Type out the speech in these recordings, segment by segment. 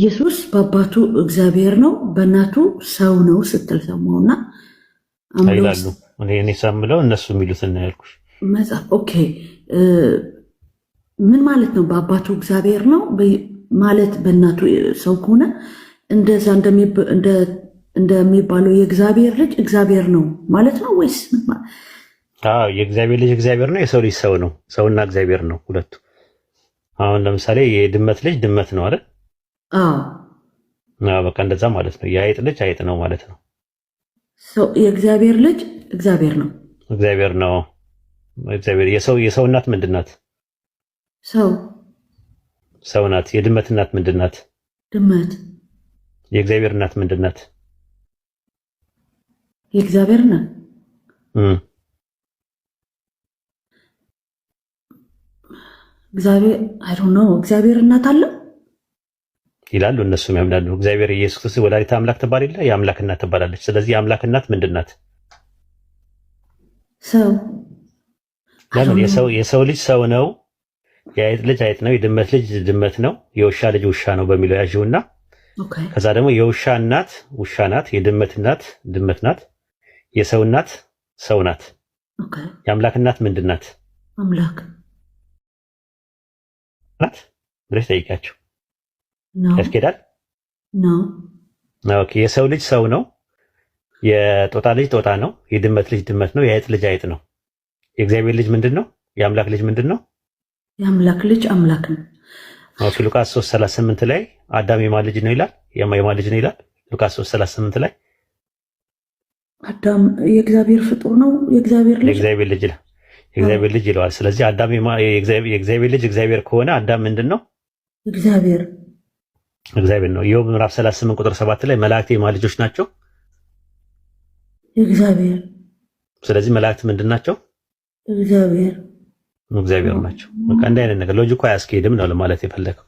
ኢየሱስ በአባቱ እግዚአብሔር ነው፣ በእናቱ ሰው ነው ስትል ሰማሁና ይላሉ። እኔ ሳምለው እነሱ የሚሉት ነው ያልኩሽ። መጽሐፍ ኦኬ፣ ምን ማለት ነው? በአባቱ እግዚአብሔር ነው ማለት በእናቱ ሰው ከሆነ እንደዛ እንደሚባለው የእግዚአብሔር ልጅ እግዚአብሔር ነው ማለት ነው ወይስ? የእግዚአብሔር ልጅ እግዚአብሔር ነው፣ የሰው ልጅ ሰው ነው። ሰውና እግዚአብሔር ነው ሁለቱ። አሁን ለምሳሌ የድመት ልጅ ድመት ነው አይደል? በቃ እንደዛ ማለት ነው። የአይጥ ልጅ አይጥ ነው ማለት ነው። የእግዚአብሔር ልጅ እግዚአብሔር ነው። እግዚአብሔር ነው። እግዚአብሔር የሰው የሰው እናት ምንድን ናት? ሰው ሰው ናት። የድመት እናት ምንድን ናት? ድመት። የእግዚአብሔር እናት ምንድን ናት? የእግዚአብሔር ናት። እግዚአብሔር አይ ዶንት ኖ እግዚአብሔር እናት አለ ይላሉ። እነሱም ያምናሉ። እግዚአብሔር ኢየሱስ ክርስቶስ ወላዲተ አምላክ ትባል የለ የአምላክ እናት ትባላለች። ስለዚህ የአምላክ እናት ምንድን ናት? ሰው። ለምን የሰው ልጅ ሰው ነው፣ የአይጥ ልጅ አይጥ ነው፣ የድመት ልጅ ድመት ነው፣ የውሻ ልጅ ውሻ ነው በሚለው ያዥውና ከዛ ደግሞ የውሻ እናት ውሻ ናት፣ የድመት እናት ድመት ናት፣ የሰው እናት ሰው ናት። የአምላክ እናት ምንድን ናት? አምላክ ናት ብለሽ ጠይቂያቸው። ያስኬዳል? ኦኬ። የሰው ልጅ ሰው ነው። የጦጣ ልጅ ጦጣ ነው። የድመት ልጅ ድመት ነው። የአይጥ ልጅ አይጥ ነው። የእግዚአብሔር ልጅ ምንድን ነው? የአምላክ ልጅ ምንድን ነው? የአምላክ ልጅ አምላክ ነው። ሉቃስ 3 38 ላይ አዳም የማን ልጅ ነው ይላል? የማን ልጅ ነው ይላል? ሉቃስ 3 38 ላይ አዳም የእግዚአብሔር ፍጡር ነው። የእግዚአብሔር ልጅ የእግዚአብሔር ልጅ ይላል። የእግዚአብሔር ልጅ ይለዋል። ስለዚህ አዳም የእግዚአብሔር ልጅ እግዚአብሔር ከሆነ አዳም ምንድን ነው? እግዚአብሔር እግዚአብሔር ነው። ኢዮብ ምዕራፍ 38 ቁጥር 7 ላይ መላእክት የማን ልጆች ናቸው? እግዚአብሔር። ስለዚህ መላእክት ምንድን ናቸው? እግዚአብሔር እግዚአብሔር ናቸው። በቃ እንደ አይነት ነገር ሎጂኩ አያስኬድም ነው ለማለት የፈለገው።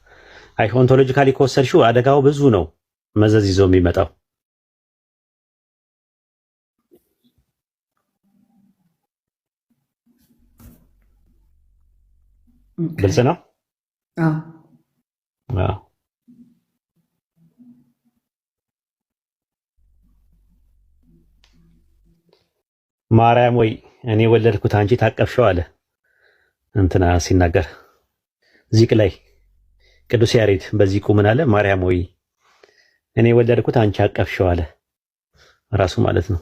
አይ ኦንቶሎጂካሊ ከወሰድሽው አደጋው ብዙ ነው፣ መዘዝ ይዞ የሚመጣው ግልጽ ነው። አዎ ማርያም ወይ እኔ ወለድኩት አንቺ ታቀፍሽው አለ እንትና ሲናገር ዚቅ ላይ ቅዱስ ያሬድ በዚቁ ምን አለ? ማርያም ወይ እኔ ወለድኩት አንቺ አቀፍሽው አለ ራሱ ማለት ነው።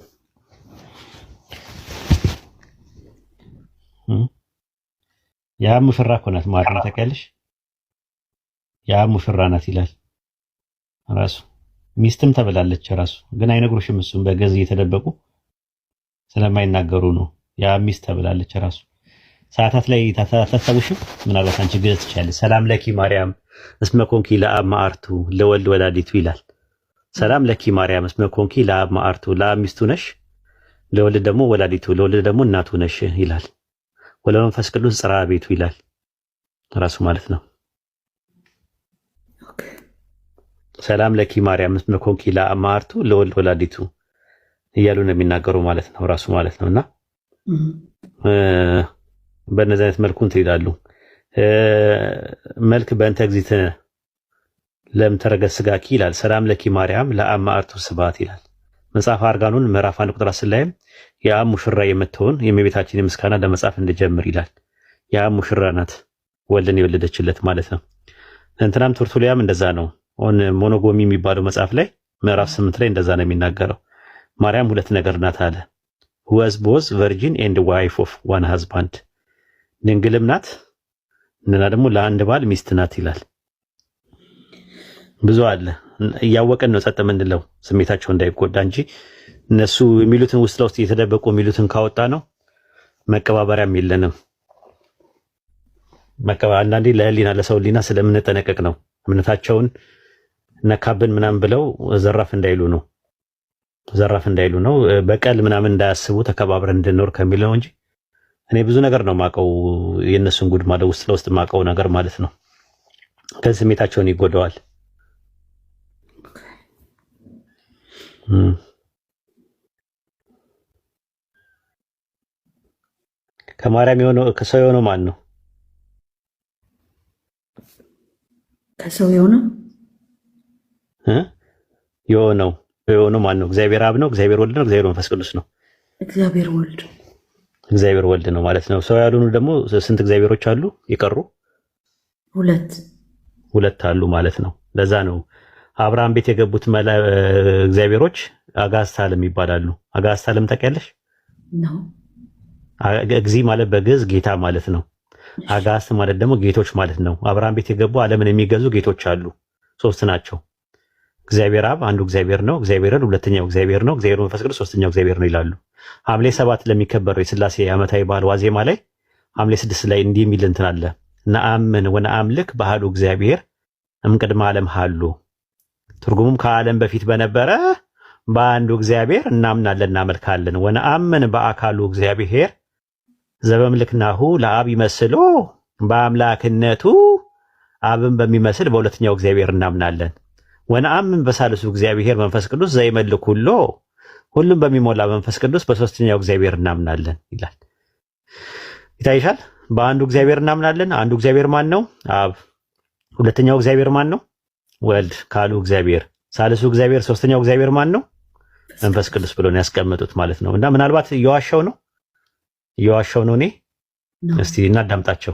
ያ ሙሽራ እኮ ናት ማርያም ታውቂያለሽ? ያ ሙሽራ ናት ይላል ራሱ። ሚስትም ተብላለች ራሱ ግን አይነግሩሽም። እሱም በገዝ እየተደበቁ ስለማይናገሩ ነው። ያ ሚስ ተብላለች። ራሱ ሰዓታት ላይ ታስታውሽም ምናልባት አንቺ ግለጽ ትችያለሽ። ሰላም ለኪ ማርያም እስመ ኮንኪ ለአብ ማአርቱ ለወልድ ወላዲቱ ይላል። ሰላም ለኪ ማርያም እስመ ኮንኪ ለአብ ማአርቱ ለአብ ሚስቱ ነሽ፣ ለወልድ ደግሞ ወላዲቱ፣ ለወልድ ደግሞ እናቱ ነሽ ይላል። ወለመንፈስ ቅዱስ ጽራ ቤቱ ይላል ራሱ ማለት ነው። ሰላም ለኪ ማርያም እስመ ኮንኪ ለአብ ለወልድ ወላዲቱ እያሉ ነው የሚናገሩ ማለት ነው ራሱ ማለት ነው። እና በእነዚህ አይነት መልኩ እንትን ይላሉ። መልክ በእንተ እግዚእትነ ለምተረገስጋ ኪ ይላል። ሰላም ለኪ ማርያም ለአብ ማዕርቱ ስብሐት ይላል። መጽሐፍ አርጋኑን ምዕራፍ አንድ ቁጥር አስር ላይም የአብ ሙሽራ የምትሆን የእመቤታችን ምስጋና ለመጻፍ እንድጀምር ይላል። የአብ ሙሽራ ናት ወልድን የወለደችለት ማለት ነው። እንትናም ቱርቱሊያም እንደዛ ነው። ሞኖጎሚ የሚባለው መጽሐፍ ላይ ምዕራፍ ስምንት ላይ እንደዛ ነው የሚናገረው ማርያም ሁለት ነገር ናት አለ። ወዝ ቦዝ ቨርጂን ኤንድ ዋይፍ ኦፍ ዋን ሃዝባንድ ድንግልም ናት እና ደግሞ ለአንድ ባል ሚስት ናት ይላል። ብዙ አለ። እያወቀን ነው ጸጥ የምንለው ስሜታቸው እንዳይጎዳ እንጂ እነሱ የሚሉትን ውስጥ ለውስጥ እየተደበቁ የሚሉትን ካወጣ ነው መቀባበሪያም የለንም። አንዳንዴ ለህሊና ለሰው ህሊና ስለምንጠነቀቅ ነው እምነታቸውን ነካብን ምናምን ብለው ዘራፍ እንዳይሉ ነው። ዘራፍ እንዳይሉ ነው። በቀል ምናምን እንዳያስቡ ተከባብረን እንድንኖር ከሚል ነው እንጂ እኔ ብዙ ነገር ነው ማቀው የእነሱን ጉድ ማለት ውስጥ ለውስጥ ማቀው ነገር ማለት ነው። ከዚህ ስሜታቸውን ይጎደዋል። ከማርያም የሆነው ከሰው የሆነው ማን ነው? ከሰው የሆነው የሆነው የሆነ ማን ነው? እግዚአብሔር አብ ነው? እግዚአብሔር ወልድ ነው? እግዚአብሔር መንፈስ ቅዱስ ነው? እግዚአብሔር ወልድ እግዚአብሔር ወልድ ነው ማለት ነው። ሰው ያልሆኑ ደግሞ ስንት እግዚአብሔሮች አሉ? የቀሩ ሁለት ሁለት አሉ ማለት ነው። ለዛ ነው አብርሃም ቤት የገቡት እግዚአብሔሮች አጋስታልም ይባላሉ። አጋስታልም ታውቂያለሽ? እግዚ ማለት በግዕዝ ጌታ ማለት ነው። አጋስት ማለት ደግሞ ጌቶች ማለት ነው። አብርሃም ቤት የገቡ ዓለምን የሚገዙ ጌቶች አሉ። ሶስት ናቸው። እግዚአብሔር አብ አንዱ እግዚአብሔር ነው፣ እግዚአብሔርን ሁለተኛው እግዚአብሔር ነው፣ እግዚአብሔር መንፈስ ቅዱስ ሶስተኛው እግዚአብሔር ነው ይላሉ። ሐምሌ ሰባት ለሚከበረው የስላሴ ዓመታዊ በዓል ዋዜማ ላይ ሐምሌ ስድስት ላይ እንዲህ የሚል እንትን አለ ነአምን ወነአምልክ ባህሉ እግዚአብሔር እምቅድመ ዓለም ሃሉ ትርጉሙም ከዓለም በፊት በነበረ በአንዱ እግዚአብሔር እናምናለን እናመልካለን። ወነአምን በአካሉ እግዚአብሔር ዘበምልክናሁ ለአብ ይመስሎ በአምላክነቱ አብን በሚመስል በሁለተኛው እግዚአብሔር እናምናለን። ወነአምን በሳልሱ እግዚአብሔር መንፈስ ቅዱስ ዘይመልክ ሁሎ ሁሉም በሚሞላ መንፈስ ቅዱስ በሶስተኛው እግዚአብሔር እናምናለን ይላል። ይታይሻል። በአንዱ እግዚአብሔር እናምናለን። አንዱ እግዚአብሔር ማን ነው? አብ። ሁለተኛው እግዚአብሔር ማን ነው? ወልድ ካሉ እግዚአብሔር ሳልሱ እግዚአብሔር ሶስተኛው እግዚአብሔር ማን ነው? መንፈስ ቅዱስ ብሎ ያስቀመጡት ማለት ነው። እና ምናልባት እየዋሻው ነው እየዋሸው ነው። እኔ እስቲ እናዳምጣቸው።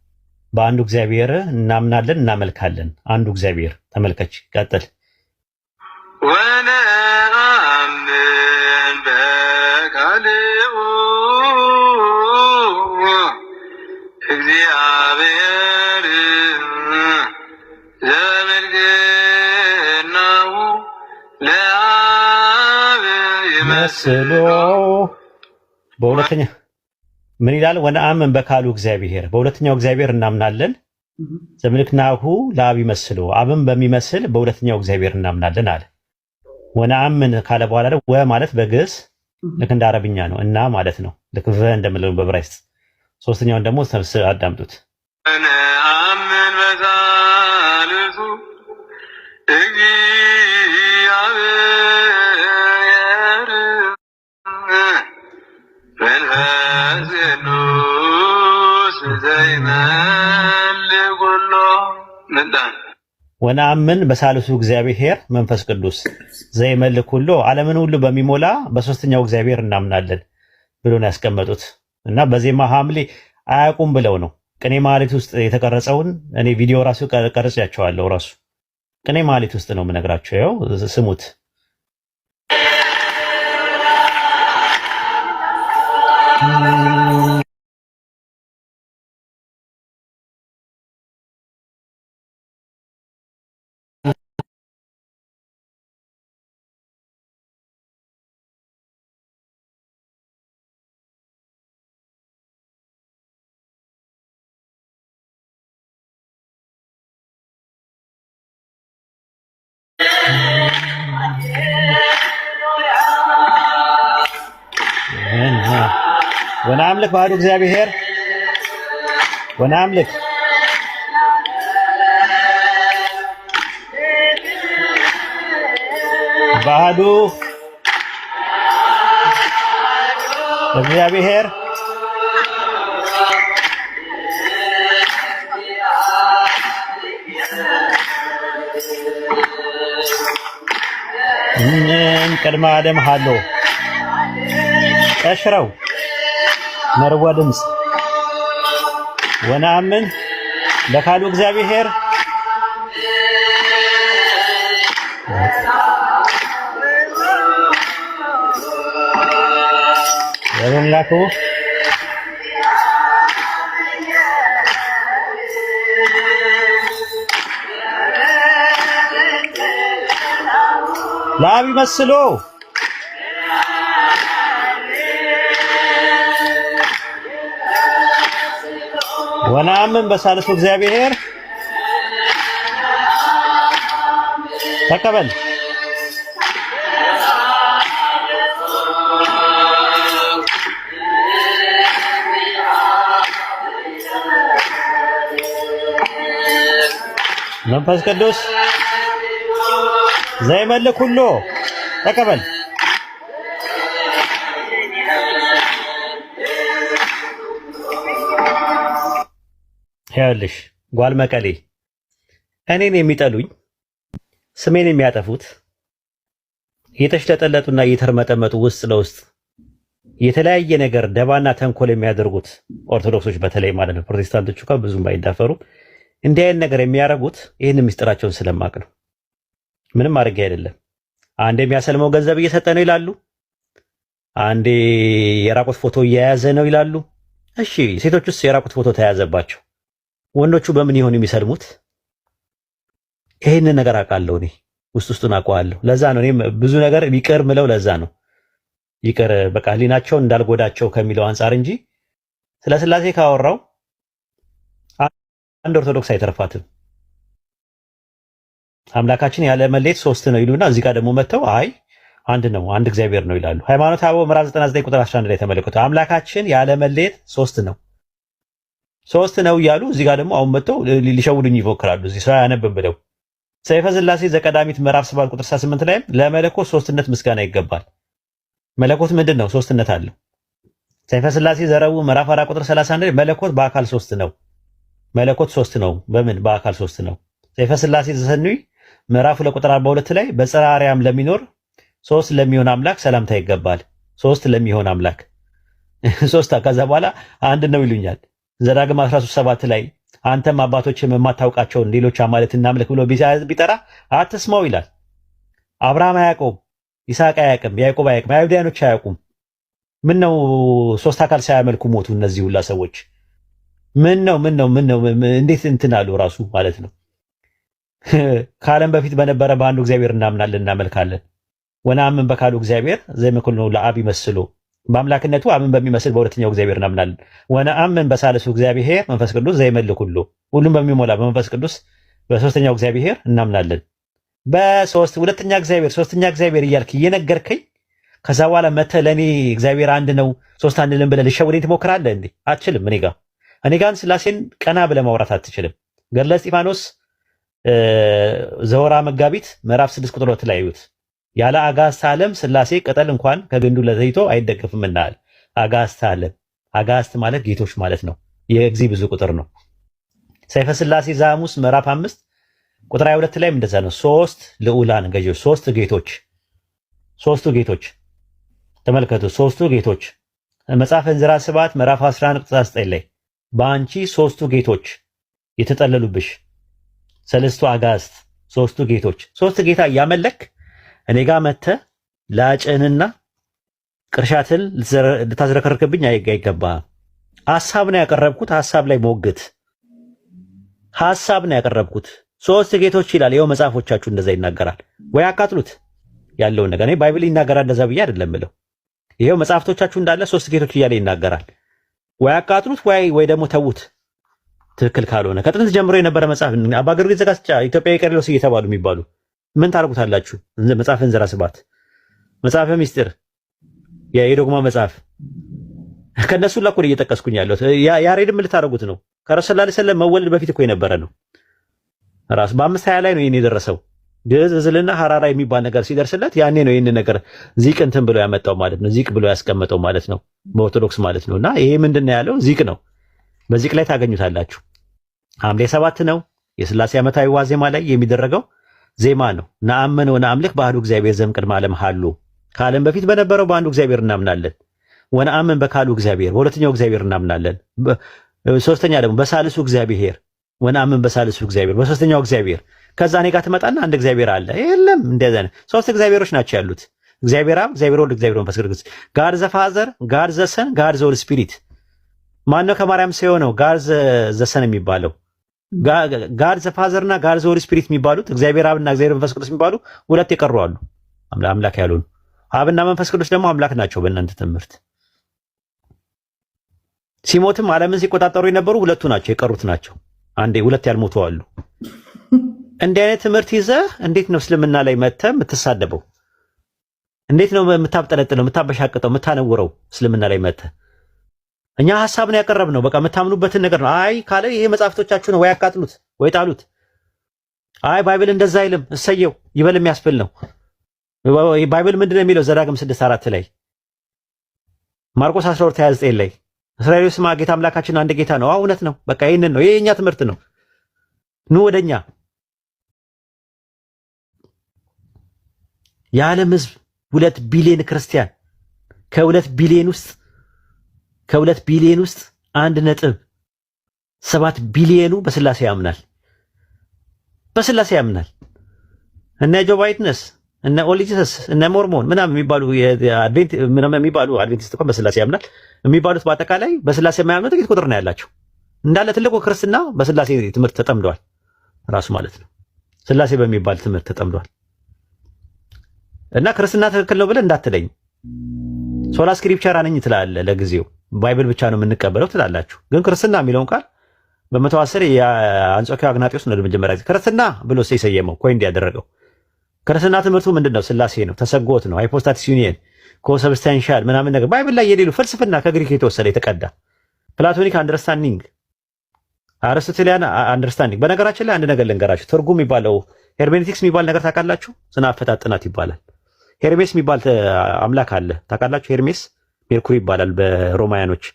በአንዱ እግዚአብሔር እናምናለን እናመልካለን። አንዱ እግዚአብሔር ተመልከች፣ ቀጥል። በሁለተኛ ምን ይላል? ወነአምን በካሉ እግዚአብሔር፣ በሁለተኛው እግዚአብሔር እናምናለን። ዘምልክናሁ ለአብ ይመስሉ፣ አብን በሚመስል በሁለተኛው እግዚአብሔር እናምናለን አለ። ወነአምን ካለ በኋላ ወ ማለት በግዕዝ ልክ እንደ አረብኛ ነው እና ማለት ነው። ልክ ቨ እንደምንለው በብራይስጥ ሶስተኛውን ደግሞ ሰብስ አዳምጡት። ወነአምን በሳልሱ እግዚአብሔር ወናምን በሳልሱ እግዚአብሔር መንፈስ ቅዱስ ዘይመልክ ሁሉ ዓለምን ሁሉ በሚሞላ በሶስተኛው እግዚአብሔር እናምናለን ብሎ ነው ያስቀመጡት። እና በዜማ ሐምሌ አያውቁም ብለው ነው ቅኔ ማህሌት ውስጥ የተቀረጸውን እኔ ቪዲዮ ራሱ ቀርጽ ያቸዋለሁ። ራሱ ቅኔ ማህሌት ውስጥ ነው የምነግራቸው። ያው ስሙት። Yeah. ونعم لك بارو هير ونعم لك بهادو بهادو بهير بهادو بهادو بهادو بهادو መርዋ ድምፅ ወነአምን ለካሉ እግዚአብሔር ወበምላኩ ለአብ ይመስሎ ወነአምን በሳልሱ እግዚአብሔር ተቀበል። መንፈስ ቅዱስ ዘይመልክ ሁሉ ተቀበል። ያልሽ ጓል መቀሌ እኔን የሚጠሉኝ ስሜን የሚያጠፉት የተሽለጠለጡና የተርመጠመጡ ውስጥ ለውስጥ የተለያየ ነገር ደባና ተንኮል የሚያደርጉት ኦርቶዶክሶች በተለይ ማለት ነው። ፕሮቴስታንቶቹ ጋር ብዙም ባይዳፈሩ እንዲህ አይነት ነገር የሚያረጉት ይህን ምስጢራቸውን ስለማቅ ነው። ምንም አድርጌ አይደለም። አንዴ የሚያሰልመው ገንዘብ እየሰጠ ነው ይላሉ። አንዴ የራቁት ፎቶ እየያዘ ነው ይላሉ። እሺ ሴቶቹስ የራቁት ፎቶ ተያዘባቸው። ወንዶቹ በምን ይሆን የሚሰልሙት? ይሄንን ነገር አውቃለሁ እኔ ውስጥ ውስጡን አውቀዋለሁ። ለዛ ነው እኔም ብዙ ነገር ይቅር ምለው። ለዛ ነው ይቅር በቃ ሊናቸውን እንዳልጎዳቸው ከሚለው አንጻር እንጂ ስለ ስላሴ ካወራው አንድ ኦርቶዶክስ አይተርፋትም። አምላካችን ያለ መለየት ሶስት ነው ይሉና እዚህ ጋር ደግሞ መጥተው አይ አንድ ነው አንድ እግዚአብሔር ነው ይላሉ። ሃይማኖተ አበው ምዕራፍ 99 ቁጥር 11 ላይ ተመለከቱ። አምላካችን ያለ መለየት ሶስት ነው ሶስት ነው እያሉ እዚህ ጋር ደግሞ አሁን መጥተው ሊሸውዱኝ ይፎክራሉ። እዚህ ስራ ያነብን ብለው ሰይፈ ስላሴ ዘቀዳሚት ምዕራፍ 7 ቁጥር 8 ላይ ለመለኮት ሶስትነት ምስጋና ይገባል። መለኮት ምንድን ነው? ሶስትነት አለው። ሰይፈ ስላሴ ዘረቡዕ ምዕራፍ 4 ቁጥር 31 ላይ መለኮት በአካል ሶስት ነው። መለኮት ሶስት ነው። በምን በአካል ሶስት ነው። ሰይፈ ስላሴ ዘሰኑይ ምዕራፍ 2 ቁጥር 42 ላይ በጽርሐ አርያም ለሚኖር ሶስት ለሚሆን አምላክ ሰላምታ ይገባል። ሶስት ለሚሆን አምላክ ሶስት ከዛ በኋላ አንድ ነው ይሉኛል። ዘዳግም 13፥7 ላይ አንተም አባቶች የማታውቃቸውን ሌሎች አማልክት እናምልክ ብሎ ቢጠራ አትስማው ይላል። አብርሃም አያውቀውም፣ ይስሐቅ አያውቅም፣ ያዕቆብ አያውቅም፣ አይሁዳኖች አያውቁም። ምን ነው ሶስት አካል ሳያመልኩ ሞቱ እነዚህ ሁላ ሰዎች? ምን ነው ምን ነው ምን ነው እንዴት እንትን አሉ ራሱ ማለት ነው። ከዓለም በፊት በነበረ በአንዱ እግዚአብሔር እናምናለን እናመልካለን። ወናምን በካሉ እግዚአብሔር ዘይመክል ነው ለአብ ይመስሎ በአምላክነቱ አምን በሚመስል በሁለተኛው እግዚአብሔር እናምናለን። አምን በሳልሱ እግዚአብሔር መንፈስ ቅዱስ ዘይመልክ ሁሉ ሁሉም በሚሞላ በመንፈስ ቅዱስ በሶስተኛው እግዚአብሔር እናምናለን። በሶስት ሁለተኛ እግዚአብሔር ሶስተኛ እግዚአብሔር እያልክ እየነገርከኝ ከዛ በኋላ መተ ለእኔ እግዚአብሔር አንድ ነው ሶስት አንድ ልን ብለህ ልሸውደኝ ትሞክራለህ እንዴ? አትችልም። እኔ ጋር እኔ ጋር ስላሴን ቀና ብለህ ማውራት አትችልም። ገድለ እስጢፋኖስ ዘወራ መጋቢት ምዕራፍ ስድስት ቁጥር ላይ እዩት። ያለ አጋስታለም ስላሴ ቅጠል እንኳን ከግንዱ ለዘይቶ አይደገፍም እናል። አጋስታለም አጋስት ማለት ጌቶች ማለት ነው። የእግዚ ብዙ ቁጥር ነው። ሰይፈ ስላሴ ዛሙስ ምዕራፍ አምስት ቁጥር 22 ላይ እንደዛ ነው። ሶስት ልዑላን ገዢዎች፣ ሶስት ጌቶች፣ ሶስቱ ጌቶች ተመልከቱ። ሶስቱ ጌቶች መጽሐፈ እንዝራ ስባት ምዕራፍ 11 ቁጥር 9 ላይ በአንቺ ሶስቱ ጌቶች የተጠለሉብሽ ሰለስቱ አጋስት ሶስቱ ጌቶች ሶስት ጌታ እያመለክ እኔ ጋር መተ ላጭህንና ቅርሻትን ልታዝረከርክብኝ አይገባህም። ሀሳብ ነው ያቀረብኩት። ሀሳብ ላይ ሞግት። ሀሳብ ነው ያቀረብኩት። ሶስት ጌቶች ይላል። ይኸው መጽሐፎቻችሁ እንደዛ ይናገራል ወይ አቃጥሉት ያለውን ነገር እኔ ባይብል ይናገራል እንደዛ ብዬ አይደለም ምለው። ይኸው መጽሐፍቶቻችሁ እንዳለ ሶስት ጌቶች እያለ ይናገራል። ወይ አቃጥሉት ወይ ወይ ደግሞ ተዉት። ትክክል ካልሆነ ከጥንት ጀምሮ የነበረ መጽሐፍ አባገር ዘጋ ኢትዮጵያ ቀሪሎስ እየተባሉ የሚባሉ ምን ታደርጉታላችሁ? መጽሐፈ እንዝራ ስብሐት፣ መጽሐፈ ሚስጥር፣ የዶግማ መጽሐፍ ከነሱ ላይ እኮ እየጠቀስኩኝ ያለሁት ያሬድም ልታደርጉት ነው። ከረሱ ሰለላሁ ዐለይሂ መወለድ በፊት እኮ የነበረ ነው። ራሱ በአምስት ሀያ ላይ ነው ይሄን የደረሰው ግዕዝ ሀራራ ሐራራ የሚባል ነገር ሲደርስለት ያኔ ነው ይህን ነገር ዚቅ እንትን ብሎ ያመጣው ማለት ነው። ዚቅ ብሎ ያስቀመጠው ማለት ነው በኦርቶዶክስ ማለት ነው። እና ይሄ ምንድን ነው ያለው ዚቅ ነው። በዚቅ ላይ ታገኙታላችሁ። ሐምሌ ሰባት ነው የስላሴ ዓመታዊ ዋዜማ ላይ የሚደረገው ዜማ ነው። ነአምን ወነአምልክ በአሐዱ እግዚአብሔር ዘእምቅድመ ዓለም ሀሉ ከዓለም በፊት በነበረው በአንዱ እግዚአብሔር እናምናለን። ወነአምን በካሉ እግዚአብሔር በሁለተኛው እግዚአብሔር እናምናለን። ሶስተኛ ደግሞ በሳልሱ እግዚአብሔር ወነአምን በሳልሱ እግዚአብሔር በሶስተኛው እግዚአብሔር ከዛ እኔ ጋር ትመጣና አንድ እግዚአብሔር አለ የለም። እንደዛ ሶስት እግዚአብሔሮች ናቸው ያሉት እግዚአብሔር አብ፣ እግዚአብሔር ወልድ፣ እግዚአብሔር መንፈስ ቅዱስ። ጋድ ዘፋዘር፣ ጋድ ዘሰን፣ ጋድ ዘወል ስፒሪት። ማን ነው ከማርያም ሰው የሆነው ጋድ ዘሰን የሚባለው? ጋድ ፋዘር እና ጋድ ዘሆሊ ስፒሪት የሚባሉት እግዚአብሔር አብና እግዚአብሔር መንፈስ ቅዱስ የሚባሉ ሁለት የቀሩ አሉ። አምላክ ያልሆኑ አብና መንፈስ ቅዱስ ደግሞ አምላክ ናቸው። በእናንተ ትምህርት ሲሞትም ዓለምን ሲቆጣጠሩ የነበሩ ሁለቱ ናቸው የቀሩት ናቸው። አንዴ ሁለት ያልሞቱ አሉ። እንዲህ አይነት ትምህርት ይዘህ እንዴት ነው እስልምና ላይ መጥተህ የምትሳደበው? እንዴት ነው የምታብጠለጥለው፣ የምታበሻቅጠው፣ የምታነውረው እስልምና ላይ መጥተህ እኛ ሀሳብ ነው ያቀረብነው። በቃ የምታምኑበትን ነገር ነው። አይ ካለ ይሄ መጽሐፍቶቻችሁ ነው ወይ አቃጥሉት ወይ ጣሉት። አይ ባይብል እንደዛ አይልም እሰየው ይበል የሚያስብል ነው። ባይብል ምንድን ነው የሚለው? ዘዳግም 6:4 ላይ ማርቆስ 12:29 ላይ እስራኤል ስማ ጌታ አምላካችን አንድ ጌታ ነው። እውነት ነው። በቃ ይሄንን ነው። ይሄ የኛ ትምህርት ነው። ኑ ወደኛ የዓለም ህዝብ ሁለት ቢሊዮን ክርስቲያን ከሁለት ቢሊዮን ውስጥ ከሁለት ቢሊዮን ውስጥ አንድ ነጥብ ሰባት ቢሊዮኑ በስላሴ ያምናል በስላሴ ያምናል። እነ ጆ ዊትነስ እነ ኦሊጂሰስ እነ ሞርሞን ምናምን የሚባሉ የሚባሉ አድቬንቲስት እንኳን በስላሴ ያምናል የሚባሉት በአጠቃላይ በስላሴ የማያምኑ ጥቂት ቁጥር ነው ያላቸው። እንዳለ ትልቁ ክርስትና በስላሴ ትምህርት ተጠምደዋል ራሱ ማለት ነው። ስላሴ በሚባል ትምህርት ተጠምደዋል። እና ክርስትና ትክክል ነው ብለህ እንዳትለኝ ሶላ ስክሪፕቸር አነኝ ትላለህ ለጊዜው ባይብል ብቻ ነው የምንቀበለው ትላላችሁ። ግን ክርስትና የሚለውን ቃል በመቶ አስር የአንጾኪያ አግናጢዎስ ነው ለመጀመሪያ ጊዜ ክርስትና ብሎ የሰየመው ኮይንድ ያደረገው። ክርስትና ትምህርቱ ምንድን ነው? ስላሴ ነው፣ ተሰጎት ነው፣ ሃይፖስታቲስ ዩኒየን ኮሰብስታንሻል ምናምን ነገር ባይብል ላይ የሌሉ ፍልስፍና ከግሪክ የተወሰደ የተቀዳ ፕላቶኒክ አንደርስታንዲንግ አርስቶቴሊያን አንደርስታንዲንግ። በነገራችን ላይ አንድ ነገር ልንገራችሁ። ትርጉም የሚባለው ሄርሜኔቲክስ የሚባል ነገር ታውቃላችሁ? ጽንፈ አፈታት ጥናት ይባላል። ሄርሜስ የሚባል አምላክ አለ ታውቃላችሁ? ሄርሜስ ሜርኩሪ ይባላል በሮማያኖች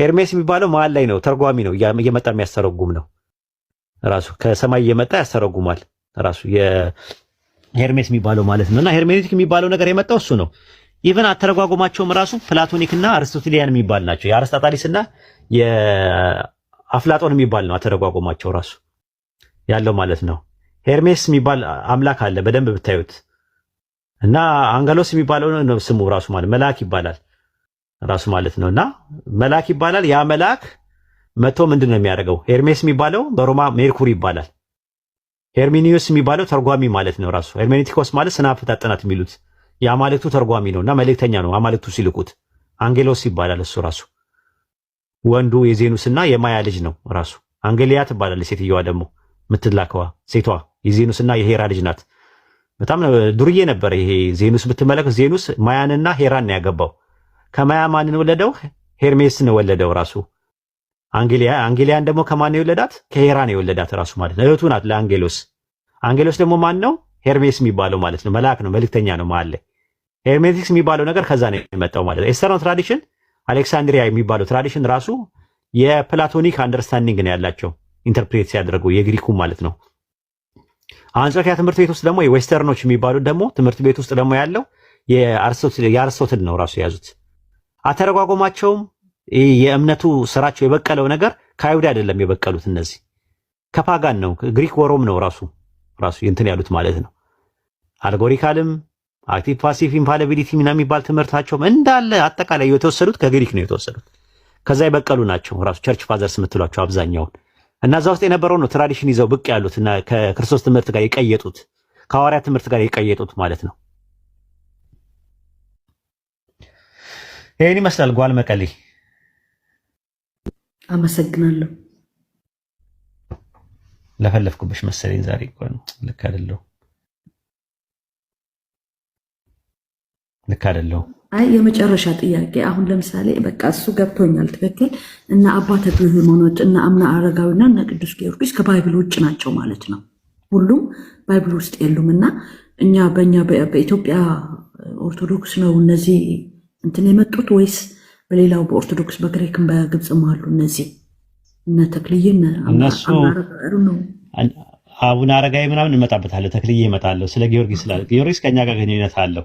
ሄርሜስ የሚባለው መሀል ላይ ነው፣ ተርጓሚ ነው፣ እየመጣ የሚያስተረጉም ነው። ራሱ ከሰማይ እየመጣ ያስተረጉማል ራሱ ሄርሜስ የሚባለው ማለት ነው። እና ሄርሜኔቲክ የሚባለው ነገር የመጣው እሱ ነው። ኢቨን አተረጓጎማቸውም ራሱ ፕላቶኒክ እና አርስቶቴሊያን የሚባል ናቸው። የአርስጣጣሊስና የአፍላጦን የሚባል ነው አተረጓጎማቸው ራሱ ያለው ማለት ነው። ሄርሜስ የሚባል አምላክ አለ በደንብ ብታዩት። እና አንገሎስ የሚባለው ነው ስሙ ራሱ ማለት መልአክ ይባላል። ራሱ ማለት ነው እና መልአክ ይባላል። ያ መልአክ መቶ ምንድን ነው የሚያደርገው? ሄርሜስ የሚባለው በሮማ ሜርኩሪ ይባላል። ሄርሚኒዮስ የሚባለው ተርጓሚ ማለት ነው ራሱ። ሄርሜኔቲኮስ ማለት ስናፍታት ጥናት የሚሉት የአማልክቱ ተርጓሚ ነው እና መልእክተኛ ነው። አማልክቱ ሲልኩት አንጌሎስ ይባላል እሱ ራሱ። ወንዱ የዜኑስና የማያ ልጅ ነው ራሱ። አንጌሊያ ትባላለች ሴትዮዋ ደግሞ የምትላከዋ ሴቷ የዜኑስና የሄራ ልጅ ናት። በጣም ዱርዬ ነበር ይሄ ዜኑስ ብትመለከት፣ ዜኑስ ማያንና ሄራን ነው ያገባው። ከማያ ማንን ወለደው ሄርሜስን ወለደው ራሱ አንጌሊያ አንጌሊያን ደግሞ ከማን የወለዳት ከሄራ ነው የወለዳት ራሱ ማለት ነው እህቱ ናት ለአንጌሎስ አንጌሎስ ደግሞ ማን ነው ሄርሜስ የሚባለው ማለት ነው መልአክ ነው መልክተኛ ነው ማለት ላይ ሄርሜቲክስ የሚባለው ነገር ከዛ ነው የመጣው ማለት ነው ኤስተርን ትራዲሽን አሌክሳንድሪያ የሚባለው ትራዲሽን ራሱ የፕላቶኒክ አንደርስታንዲንግ ነው ያላቸው ኢንተርፕሬት ሲያደርጉ የግሪኩ ማለት ነው አንጾኪያ ትምህርት ቤት ውስጥ ደግሞ የዌስተርኖች የሚባሉት ደግሞ ትምህርት ቤት ውስጥ ደግሞ ያለው የአርስቶትል ነው ራሱ የያዙት አተረጓጎማቸውም የእምነቱ ስራቸው የበቀለው ነገር ከአይሁድ አይደለም የበቀሉት እነዚህ ከፓጋን ነው ግሪክ ወሮም ነው ራሱ ራሱ እንትን ያሉት ማለት ነው። አልጎሪካልም አክቲቭ ፓሲቭ ኢንፋሊቢሊቲ ምናምን የሚባል ትምህርታቸውም እንዳለ አጠቃላይ የተወሰዱት ከግሪክ ነው የተወሰዱት። ከዛ የበቀሉ ናቸው ራሱ ቸርች ፋዘርስ የምትሏቸው አብዛኛውን እና እዛ ውስጥ የነበረው ነው ትራዲሽን ይዘው ብቅ ያሉት እና ከክርስቶስ ትምህርት ጋር የቀየጡት ከሐዋርያ ትምህርት ጋር የቀየጡት ማለት ነው። ይህን ይመስላል ጓል መቀሌ። አመሰግናለሁ። ለፈለፍኩብሽ መሰለኝ ዛሬ እኮ ነው። ልክ አይደለሁ፣ ልክ አይደለሁ። አይ የመጨረሻ ጥያቄ አሁን ለምሳሌ በቃ እሱ ገብቶኛል። ትክክል እና አባ ተክለ ሃይማኖት እና አምና አረጋዊና እና ቅዱስ ጊዮርጊስ ከባይብል ውጭ ናቸው ማለት ነው። ሁሉም ባይብል ውስጥ የሉም እና እኛ በእኛ በኢትዮጵያ ኦርቶዶክስ ነው እነዚህ እንትን የመጡት ወይስ በሌላው በኦርቶዶክስ በግሪክም በግብፅም አሉ? እነዚህ እነ ተክልዬ እነሱ አቡነ አረጋዊ ምናምን እንመጣበታለሁ። ተክልዬ እመጣለሁ። ስለ ጊዮርጊስ ስላለ ጊዮርጊስ ከእኛ ጋር ግንኙነት አለው።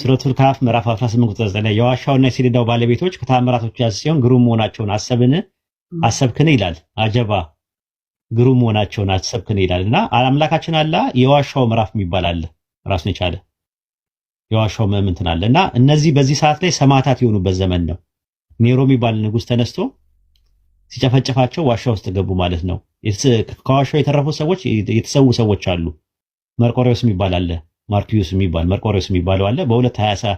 ሱረቱል ካፍ ምዕራፍ 18 ቁጥር 9 የዋሻውና የሰሌዳው ባለቤቶች ከተአምራቶች ሲሆን ግሩም መሆናቸውን አሰብን አሰብክን ይላል። አጀባ ግሩም መሆናቸውን አሰብክን ይላል እና አምላካችን አላ የዋሻው ምዕራፍ የሚባል አለ ራሱን የቻለ የዋሻው ምእምንትን አለ እና እነዚህ በዚህ ሰዓት ላይ ሰማዕታት የሆኑበት ዘመን ነው። ኔሮ የሚባል ንጉስ ተነስቶ ሲጨፈጨፋቸው ዋሻ ውስጥ ገቡ ማለት ነው። ከዋሻው የተረፉ ሰዎች የተሰዉ ሰዎች አሉ። መርቆሬዎስ የሚባል አለ፣ ማርኪዩስ የሚባል መርቆሪዎስ የሚባለው አለ። በሁለት ሀያ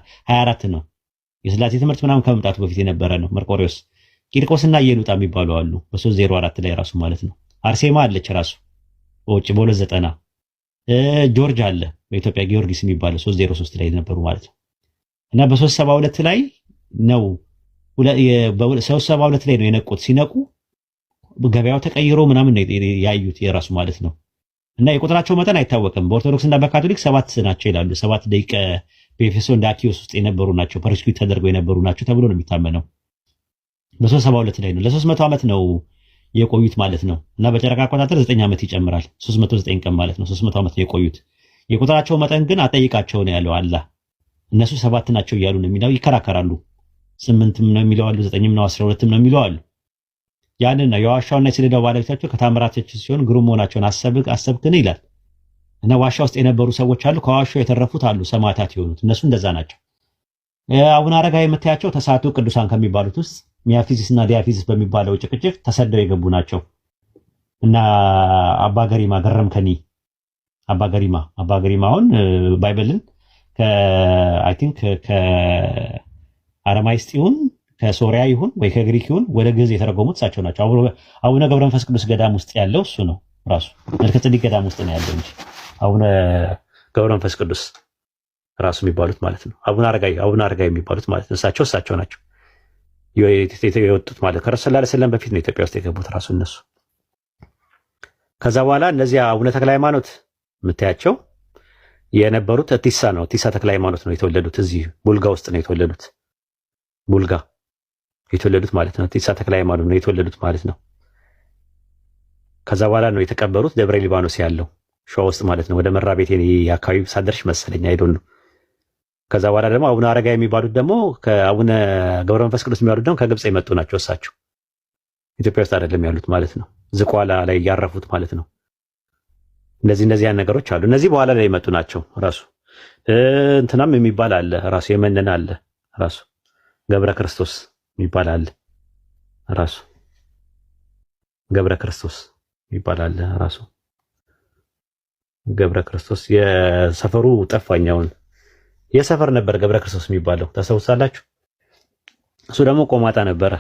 አራት ነው የስላሴ ትምህርት ምናምን ከመምጣቱ በፊት የነበረ ነው። መርቆሬዎስ ቂርቆስና እየሉጣ የሚባሉ አሉ። በሶስት ዜሮ አራት ላይ ራሱ ማለት ነው። አርሴማ አለች ራሱ በውጭ በሁለት ዘጠና ጆርጅ አለ በኢትዮጵያ ጊዮርጊስ የሚባለው ሶስት ዜሮ ሶስት ላይ ነበሩ ማለት ነው እና በሶስት ሰባ ሁለት ላይ ነው ሶስት ሰባ ሁለት ላይ ነው የነቁት። ሲነቁ ገበያው ተቀይሮ ምናምን ያዩት የራሱ ማለት ነው እና የቁጥራቸው መጠን አይታወቅም። በኦርቶዶክስ እና በካቶሊክ ሰባት ናቸው ይላሉ። ሰባት ደቂቀ በኤፌሶ እንደ አኪዮስ ውስጥ የነበሩ ናቸው፣ ፐርስኪዩት ተደርገው የነበሩ ናቸው ተብሎ ነው የሚታመነው። በሶስት ሰባ ሁለት ላይ ነው ለሶስት መቶ ዓመት ነው የቆዩት ማለት ነው እና በጨረቃ አቆጣጠር 9 ዓመት ይጨምራል 309 ቀን ማለት ነው 300 ዓመት ነው የቆዩት የቁጥራቸው መጠን ግን አጠይቃቸው ነው ያለው አላህ እነሱ ሰባት ናቸው እያሉ ነው የሚለው ይከራከራሉ ስምንትም ነው የሚለው አሉ ዘጠኝም ነው አስራ ሁለትም ነው የሚለው አሉ ያንን ነው የዋሻውና የሰሌዳው ባለቤታቸው ከታምራቶች ሲሆን ግሩም መሆናቸውን አሰብክን ይላል እና ዋሻ ውስጥ የነበሩ ሰዎች አሉ ከዋሻው የተረፉት አሉ ሰማዕታት የሆኑት እነሱ እንደዛ ናቸው አቡነ አረጋ የምታያቸው ተሳቱ ቅዱሳን ከሚባሉት ውስጥ ሚያፊዚስ እና ዲያፊዚስ በሚባለው ጭቅጭቅ ተሰደው የገቡ ናቸው እና አባ ገሪማ ገረምከኒ አባ ገሪማ አባ ገሪማ አሁን ባይብልን አይ ቲንክ ከአረማይስጥ ይሁን ከሶሪያ ይሁን ወይ ከግሪክ ይሁን ወደ ግዕዝ የተረጎሙት እሳቸው ናቸው። አቡነ ገብረ መንፈስ ቅዱስ ገዳም ውስጥ ያለው እሱ ነው ራሱ መልከ ጼዴቅ ገዳም ውስጥ ነው ያለው እንጂ አቡነ ገብረ መንፈስ ቅዱስ ራሱ የሚባሉት ማለት ነው። አቡነ አረጋዊ አቡነ አረጋዊ የሚባሉት ማለት ነው። እሳቸው እሳቸው ናቸው። የወጡት ማለት ከረሱ ላ ስለም በፊት ነው ኢትዮጵያ ውስጥ የገቡት ራሱ እነሱ። ከዛ በኋላ እነዚህ አቡነ ተክለ ሃይማኖት የምታያቸው የነበሩት ቲሳ ነው። ቲሳ ተክለ ሃይማኖት ነው የተወለዱት። እዚህ ቡልጋ ውስጥ ነው የተወለዱት። ቡልጋ የተወለዱት ማለት ነው። ቲሳ ተክለ ሃይማኖት ነው የተወለዱት ማለት ነው። ከዛ በኋላ ነው የተቀበሩት ደብረ ሊባኖስ ያለው ሸዋ ውስጥ ማለት ነው። ወደ መራ ቤቴ አካባቢ ሳደርሽ መሰለኝ አይዶን ነው ከዛ በኋላ ደግሞ አቡነ አረጋ የሚባሉት ደግሞ ከአቡነ ገብረ መንፈስ ቅዱስ የሚባሉት ደግሞ ከግብፅ የመጡ ናቸው። እሳቸው ኢትዮጵያ ውስጥ አይደለም ያሉት ማለት ነው። ዝቋላ ላይ ያረፉት ማለት ነው። እነዚህ እነዚህ ያን ነገሮች አሉ። እነዚህ በኋላ ላይ የመጡ ናቸው። ራሱ እንትናም የሚባል አለ ራሱ የመንን አለ ራሱ ገብረ ክርስቶስ የሚባል አለ ራሱ ገብረ ክርስቶስ የሚባል አለ ራሱ ገብረ ክርስቶስ የሰፈሩ ጠፋኛውን የሰፈር ነበር ገብረ ክርስቶስ የሚባለው ታስታውሳላችሁ። እሱ ደግሞ ቆማጣ ነበረ፣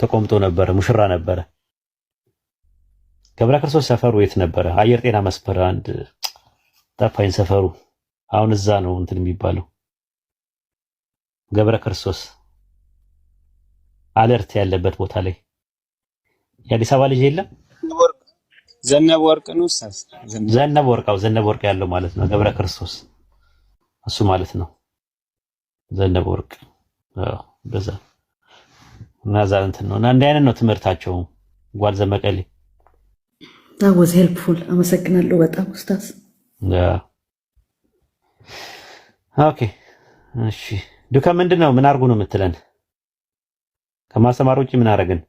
ተቆምጦ ነበረ፣ ሙሽራ ነበረ። ገብረ ክርስቶስ ሰፈሩ የት ነበረ? አየር ጤና መስመር አንድ ጠፋኝ ሰፈሩ። አሁን እዛ ነው እንትን የሚባለው ገብረ ክርስቶስ አለርት ያለበት ቦታ ላይ የአዲስ አበባ ልጅ የለም። ዘነብ ወርቅ ነው ዘነብ ወርቅ ያለው ማለት ነው ገብረ ክርስቶስ እሱ ማለት ነው ዘነበ ወርቅ በዛ እና ዛ እንትን ነው እና እንዲህ አይነት ነው ትምህርታቸው። ጓል ዘመቀሌ ወዝ ሄልፕፉል አመሰግናለሁ በጣም ኡስታዝ። ኦኬ እሺ ዱካ ምንድን ነው ምን አድርጉ ነው የምትለን? ከማስተማር ውጭ ምን አደረግን?